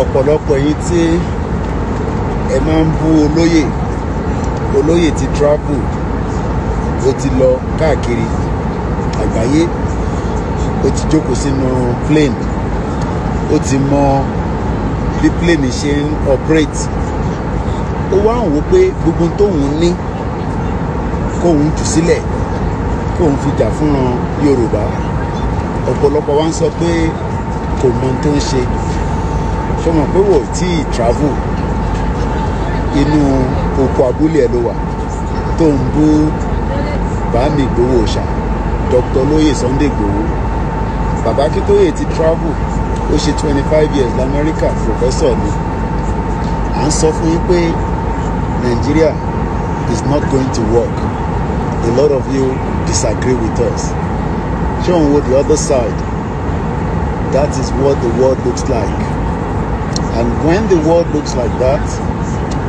ọ̀pọ̀lọpọ̀ yìí tí ẹ máa ń bú olóyè olóyè ti travel ó ti lọ káàkiri àgbáyé ó ti jókòó sínú plane ó ti mọ bí plane ṣe ń operate ó wá ń wò pé gbogbo tóun ní kóun jù sílẹ̀ kóun fi jà fúnran Yorùbá ọ̀pọ̀lọpọ̀ wa ń sọ pé kò mọ tó ń ṣe ṣé o mọ̀ pé wò travel inú oko abúlé ẹ ló wà tó ń bú bàámi gbowó ṣá Dr. lóyè Sunday Igboho bàbá kítóyè ti travel ó ṣe twenty five years lamẹ́ríkà professor ni a ń sọ fún yín pé Nigeria is not going to work a lot of you disagree with us Show òun wo the other side that is what the world looks like and when the world looks like that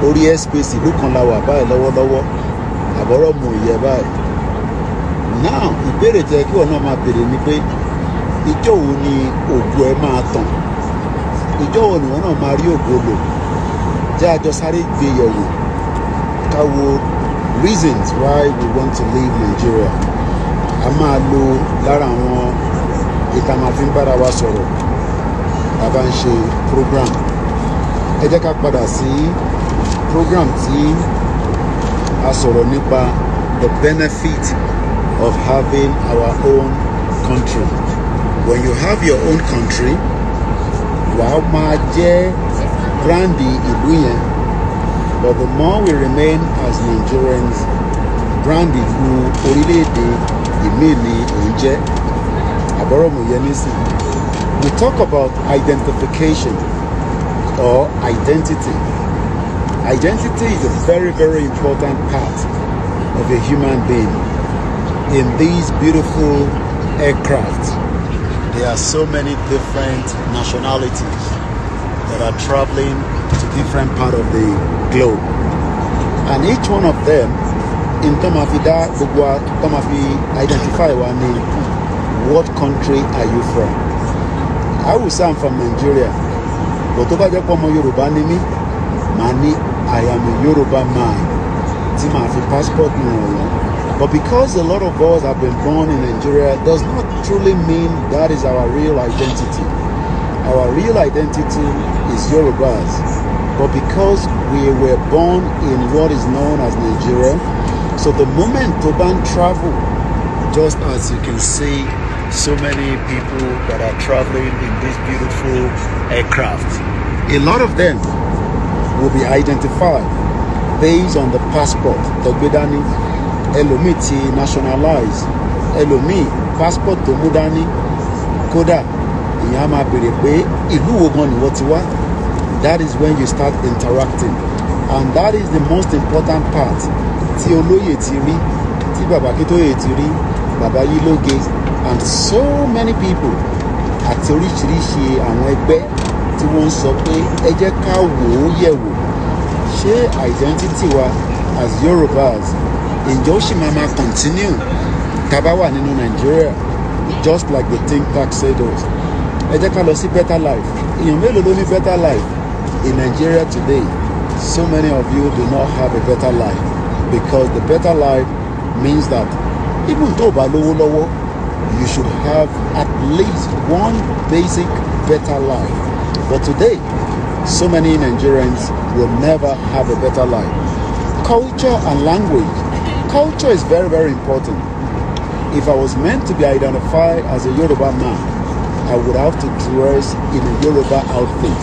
orí airspace ìlú kan la wà báyìí lọ́wọ́lọ́wọ́ àbọ̀rọ̀ mò ń báyìí now ìbéèrè tẹ kí wọn náà máa béèrè ni pé ìjọ wo ni ògo ẹ máa tàn ìjọ wo ni wọn náà máa rí ògo lò jẹ́ àjọ sáré gbé yẹ̀wò ká wo reasons why we want to leave Nigeria a máa lo lára àwọn ìta máa fi wa sọ̀rọ̀ tá ń ṣe program ẹ jẹ́ ká padà sí program tí a sọ̀rọ̀ nípa the benefit of having our own country when you have your own country wàá máa jẹ́ brandy ìlú yẹn but the more we remain as Nigerians brandy ìlú orílẹ̀-èdè ìmí ni òun jẹ́ àbọ̀rọ̀mù yẹn nísìnyí we talk about identification. or identity. Identity is a very, very important part of a human being. In these beautiful aircraft, there are so many different nationalities that are traveling to different part of the globe. And each one of them, in Tomafida, Bugwa, Tomafi, identify one name. What country are you from? I will say I'm from Nigeria. But tó bá jẹ́ pé yorùbá ni mí i am a yorùbá man tí màá passport no. ràn but because a lot of us have been born in nigeria does not truly mean that is our real identity our real identity is yorùbás but because we were born in what is known as nigeria so the moment toban travel just as you can see so many people that are traveling in this beautiful aircraft. A lot of them will be identified based on the passport tó gbé elomiti nationalized, elomi passport tó mudani koda, kódà ìyẹn á máa béèrè pé ìlú wo gan that is when you start interacting and that is the most important part ti rí tí ti Akíntóyè ti rí bàbá Yílóge and so many people àti oríṣiríṣi àwọn ẹgbẹ́ tí wọ́n ń sọ pé ẹ jẹ́ ká wò ó yẹ̀ wò ṣé identity wa as Yorubas ǹjẹ́ ó sì máa máa continue tá a bá wà nínú Nàìjíríà just like the think tank said us ẹ jẹ́ ká lọ sí better life èèyàn mélòó ló ní better life in Nigeria today so many of you do not have a better life because the better life means that even though o bá lówó lọ́wọ́ you should have at least one basic better life. But today, so many Nigerians will never have a better life. Culture and language. Culture is very, very important. If I was meant to be identified as a Yoruba man, I would have to dress in a Yoruba outfit.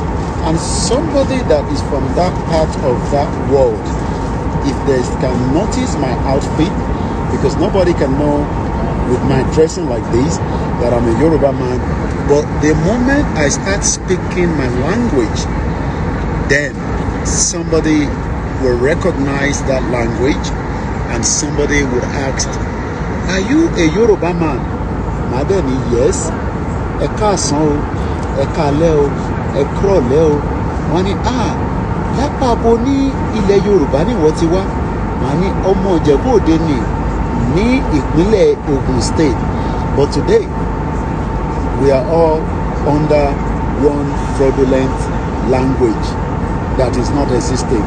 And somebody that is from that part of that world, if they can notice my outfit, because nobody can know with my dressing like this that I'm a Yoruba man. But the moment I start speaking my language, then somebody will recognize that language and somebody would ask, Are you a Yoruba man? Madani, yes. Ẹ káàsán o, kaleo, káalẹ́ o, ẹ kúrọ̀lẹ́ o. Wọ́n ní, ah, lápapọ̀ ní ilẹ̀ Yorùbá ni wọ́n ti wá. Màá ní ọmọ ní ìpínlẹ̀ Ogun State but today we are all under one fraudulent language that is not existing.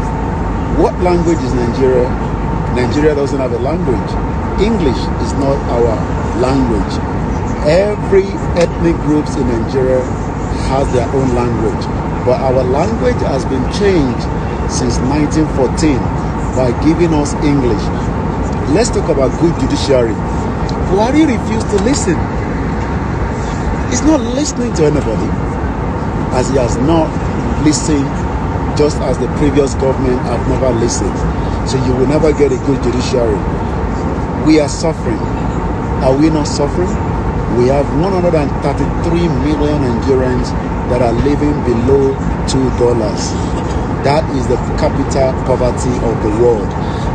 What language is Nigeria? Nigeria doesn't have a language. English is not our language. Every ethnic groups in Nigeria has their own language. But our language has been changed since 1914 by giving us English. Let's talk about good judiciary. Buhari refused to listen. He's not listening to anybody, as he has not listened, just as the previous government have never listened. So you will never get a good judiciary. We are suffering. Are we not suffering? We have 133 million Nigerians that are living below $2. That is the capital poverty of the world.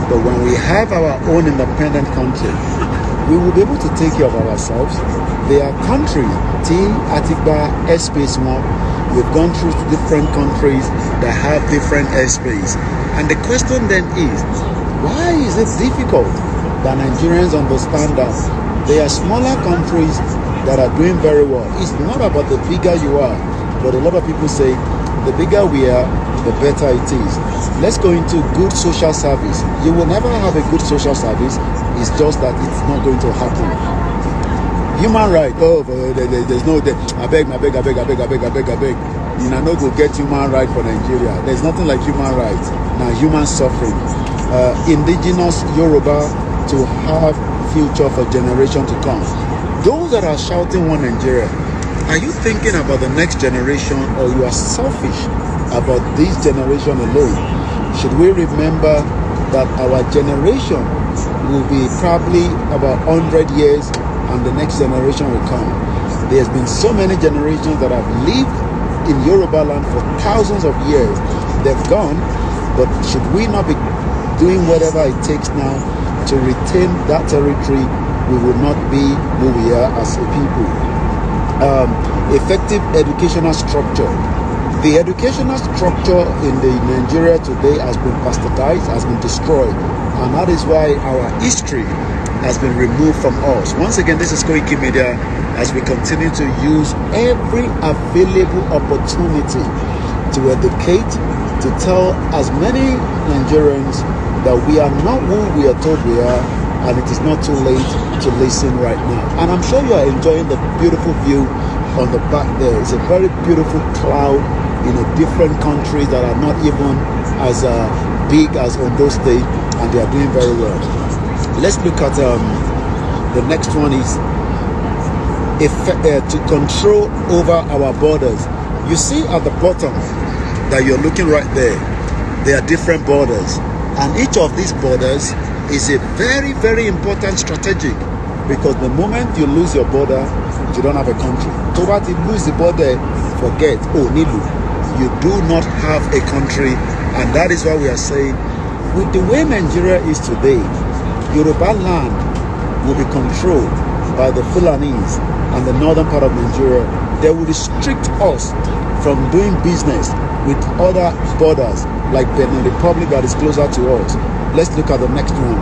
But when we have our own independent country, we will be able to take care of ourselves. are country, T. Atiba airspace one, we've gone through different countries that have different airspace. And the question then is, why is it difficult that Nigerians understand that there are smaller countries that are doing very well? It's not about the bigger you are, but a lot of people say the bigger we are, the better it is. Let's go into good social service. You will never have a good social service, it's just that it's not going to happen. Human right, oh, there's no, I beg, I beg, I beg, I beg, I beg, I beg, I beg. You know, no go get human right for Nigeria. There's nothing like human rights. Now, human suffering. Uh, indigenous Yoruba to have future for generation to come. Those that are shouting one Nigeria, are you thinking about the next generation or you are selfish about this generation alone? Should we remember that our generation will be probably about 100 years and the next generation will come. There's been so many generations that have lived in Yoruba land for thousands of years. They've gone, but should we not be doing whatever it takes now to retain that territory? We will not be who we are as a people um, effective educational structure. The educational structure in the Nigeria today has been bastardized, has been destroyed, and that is why our history has been removed from us. Once again, this is Koiki Media as we continue to use every available opportunity to educate, to tell as many Nigerians that we are not who we are told we are, and it is not too late to listen right now. And I'm sure you are enjoying the beautiful view on the back there. It's a very beautiful cloud in a different countries that are not even as uh, big as Ondo State, and they are doing very well. Let's look at um, the next one is uh, to control over our borders. You see at the bottom that you're looking right there, there are different borders, and each of these borders is a very, very important strategic because the moment you lose your border, you don't have a country. So what you lose the border, forget, oh, Nilu, you do not have a country. And that is why we are saying, with the way Nigeria is today, Yoruba land will be controlled by the Fulanis and the northern part of Nigeria. They will restrict us from doing business with other borders like Benin Republic that is closer to us Let's look at the next one.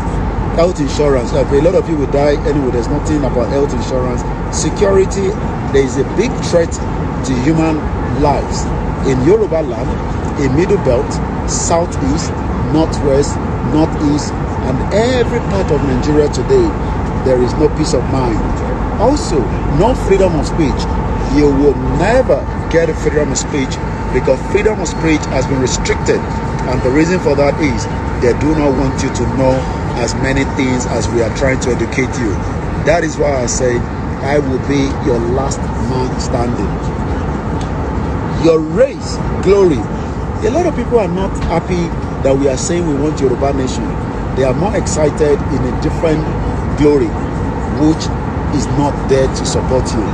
Health insurance. Like a lot of people die anyway. There's nothing about health insurance. Security. There is a big threat to human lives in Yoruba land, in Middle Belt, Southeast, Northwest, Northeast, and every part of Nigeria today. There is no peace of mind. Also, no freedom of speech. You will never get freedom of speech because freedom of speech has been restricted. And the reason for that is they do not want you to know as many things as we are trying to educate you. That is why I said, I will be your last man standing. Your race, glory. A lot of people are not happy that we are saying we want Yoruba nation. They are more excited in a different glory, which is not there to support you.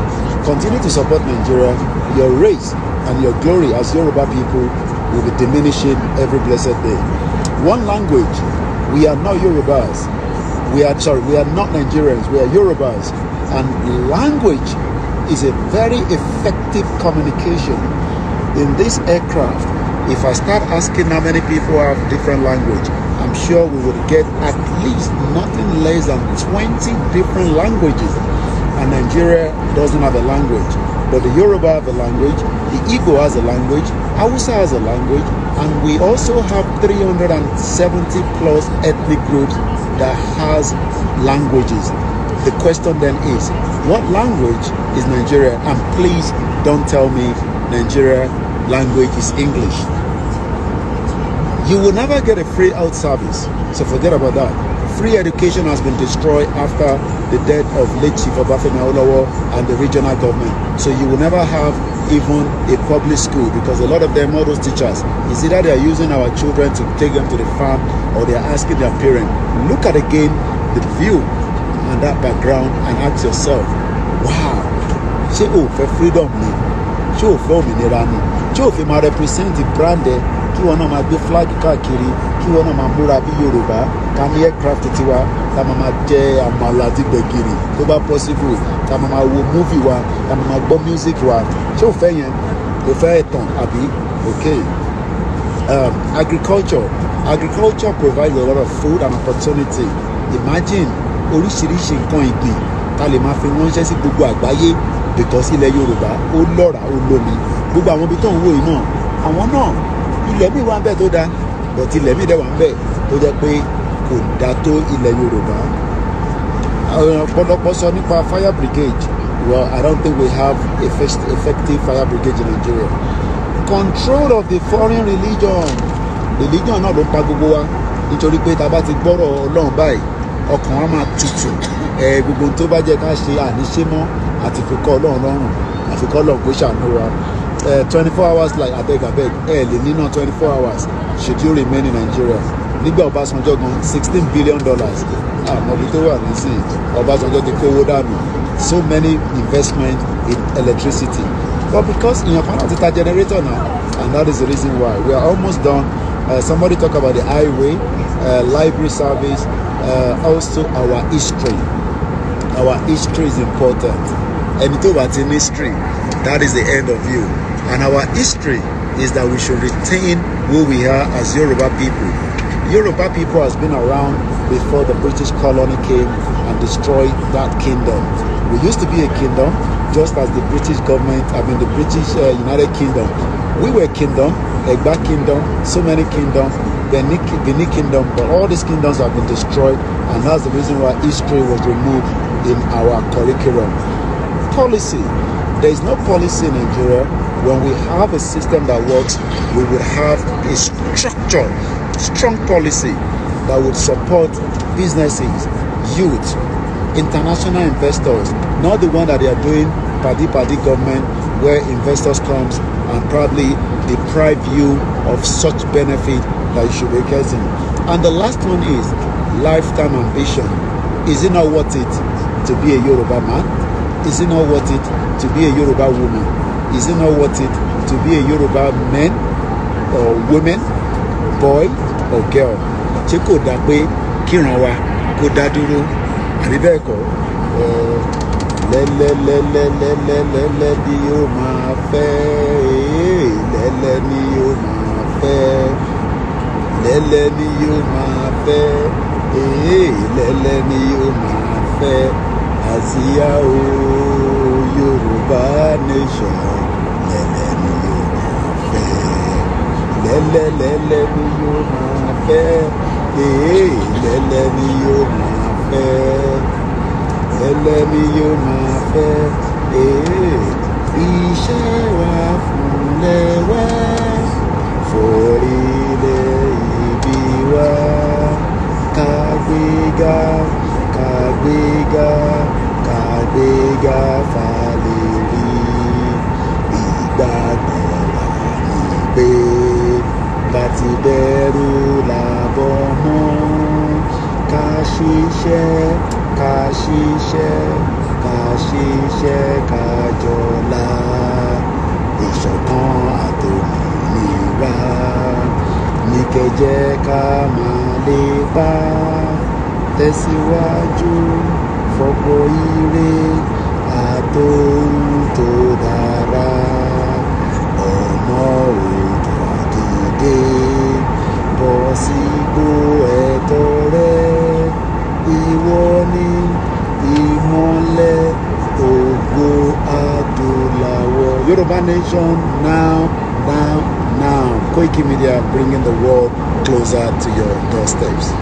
Continue to support Nigeria. Your race and your glory as Yoruba people will be diminishing every blessed day. One language. We are not Yorubas. We are sorry. We are not Nigerians. We are Yorubas. And language is a very effective communication. In this aircraft, if I start asking how many people have different language, I'm sure we would get at least nothing less than 20 different languages and Nigeria doesn't have a language. But the Yoruba have a language, the Igbo has a language, Hausa has a language, and we also have 370 plus ethnic groups that has languages. The question then is, what language is Nigeria? And please don't tell me Nigeria language is English. You will never get a free out service, so forget about that free education has been destroyed after the death of late Chief Obafemi Awolowo and the regional government. So you will never have even a public school because a lot of them, all those teachers, is either they are using our children to take them to the farm or they are asking their parents. Look at again the view and that background and ask yourself, wow, ṣé oh for freedom ni? ṣé o fẹ́ òmìnira ni? ṣé o fẹ́ máa represent the brand ẹ flag káàkiri? kí wọn náà máa múra bí yorùbá ká ní aircraft tiwa tá máa máa jẹ àmàlà àti gbẹ̀gìrì tó bá possible tá máa máa wo movie wa tá máa máa gbọ́ music wa ṣé o fẹ́ yẹn o fẹ́ ẹ̀tàn àbí okay um, agriculture agriculture provides a lot of food and opportunity imagine oríṣiríṣi nǹkan ìgbìn ta lè máa fi ránṣẹ́ sí gbogbo àgbáyé because ilẹ̀ yorùbá ó lọ́ra ó lómi gbogbo àwọn ibi tó ń wò yìí náà àwọn náà ilẹ̀ mi wà ń tó dáa bọ̀tí ilẹ̀ mi dẹ̀wà ń bẹ̀ tó jẹ́ pé kò dá tó ilẹ̀ Yorùbá ọ̀pọ̀lọpọ̀ sọ nípa fire brigade well I don't think we have effective fire brigade in Nigeria control of the foreign religion religion náà ló ń pa gbogbo wa nítorí pé tá a bá ti gbọ́rọ̀ Ọlọ́run báyìí ọkàn wa máa tutù ẹ gbogbo tó bá jẹ́ ká ṣe àníṣémọ́ àti fi kọ́ Ọlọ́run lọ́rùn àfi kọ́ Ọlọ́run kó ṣàánú wa twenty four hours like abeg abeg ẹ lè ní náà twenty four hours country tí ó remain in Nigeria nígbà Ọbásanjọ́ gan sixteen billion dollars àmọ́bi ah, tó wà nísìnyí Ọbásanjọ́ ti kówó dànù so many investment in electricity but because èèyàn kan náà ti ta generator now and that is the reason why we are almost done uh, somebody talk about the highway uh, library service uh, also our history our history is important ẹni tó bá ti ní history that is the end of you and our history is that we should retain who we are as Yoruba people. Yoruba people has been around before the British colony came and destroyed that kingdom. We used to be a kingdom, just as the British government, I mean the British uh, United Kingdom. We were a kingdom, Egba Kingdom, so many kingdoms, the Benin Kingdom, but all these kingdoms have been destroyed, and that's the reason why history was removed in our curriculum. Policy there is no policy in Nigeria. When we have a system that works, we would have a structure, strong policy that would support businesses, youth, international investors, not the one that they are doing party party government where investors comes and probably deprive you of such benefit that you should be getting. And the last one is lifetime ambition. Is it not worth it to be a Yoruba man? Is it not worth it to be a Yoruba woman? Is it not worth it to be a Yoruba man or woman, boy or girl? Ṣé kò dáa pé kíran wa kó dá dúró? Àbí bẹ́ẹ̀ kọ́ lẹ́lẹ́lẹ́lẹ́lẹ́lẹ́lẹ́ ni yóò máa fẹ́ lẹ́lẹ́ ni yóò máa fẹ́ lẹ́lẹ́ ni yóò máa fẹ́ lẹ́lẹ́ ni yóò máa fẹ́ àsíá o yorùbá nation lẹ́lẹ́ ni yóò máa fẹ́ lẹ́lẹ́ lẹ́lẹ́ ni yóò máa fẹ́ èé lẹ́lẹ́ ni yóò máa fẹ́ lẹ́lẹ́ ni yóò máa fẹ́ èé iṣẹ́ wa fún lẹ́wẹ́ forílẹ̀ ibi wa kàgbéga kàgbéga gáfàlè rí ìgbàgbọ́ra ni pé láti bẹ̀rù làbọ̀ mọ́ ká ṣiṣẹ́ ká ṣiṣẹ́ ká ṣiṣẹ́ ká jọlá ìṣọ̀kan àtòmìnira ní kẹjẹ ká máa lè bá tẹ̀síwájú fọ́pọ̀ ire tó ń tó dára ọmọ òjò dìde bọ́ sípò ẹ̀tọ́ rẹ ìwọ ni ìmọ́lẹ̀ ògo adúláwọ̀ Yorùbá nation now now now Koiki Media bringing the world closer to your doorsteps.